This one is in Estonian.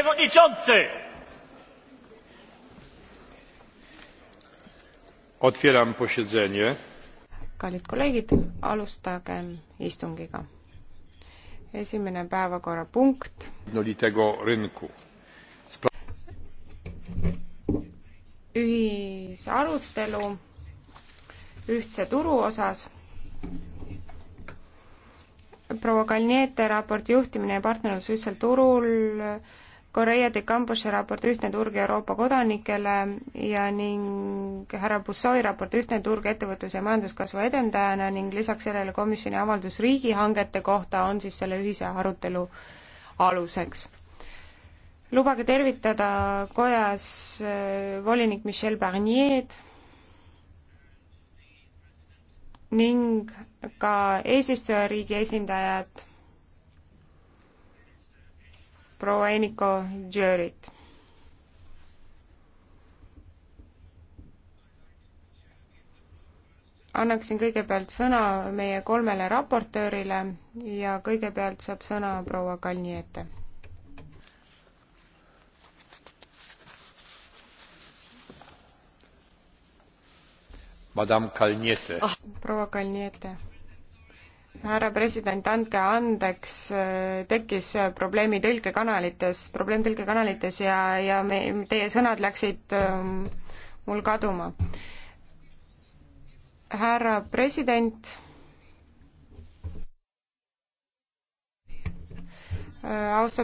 przewodniczący! Otwieram posiedzenie. kallid kolleegid, alustagem istungiga. esimene päevakorrapunkt. ühisarutelu ühtse turu osas proua Kalniete raporti juhtimine ja partnerlus ühtsel turul Korea de Cambuse raport Ühtne turg Euroopa kodanikele ja ning härra Bussoi raport Ühtne turg ettevõtluse ja majanduskasvu edendajana ning lisaks sellele komisjoni avaldus riigihangete kohta on siis selle ühise arutelu aluseks. lubage tervitada kojas äh, volinik Michel Barnier'd ning ka eesistujariigi esindajad proua Eniko Djörit. annaksin kõigepealt sõna meie kolmele raportöörile ja kõigepealt saab sõna proua Kalniete. Ah, proua Kalniete oh härra president, andke andeks, äh, tekkis äh, probleemi tõlkekanalites, probleem tõlkekanalites ja, ja me, teie sõnad läksid ähm, mul kaduma. härra president äh,, austatud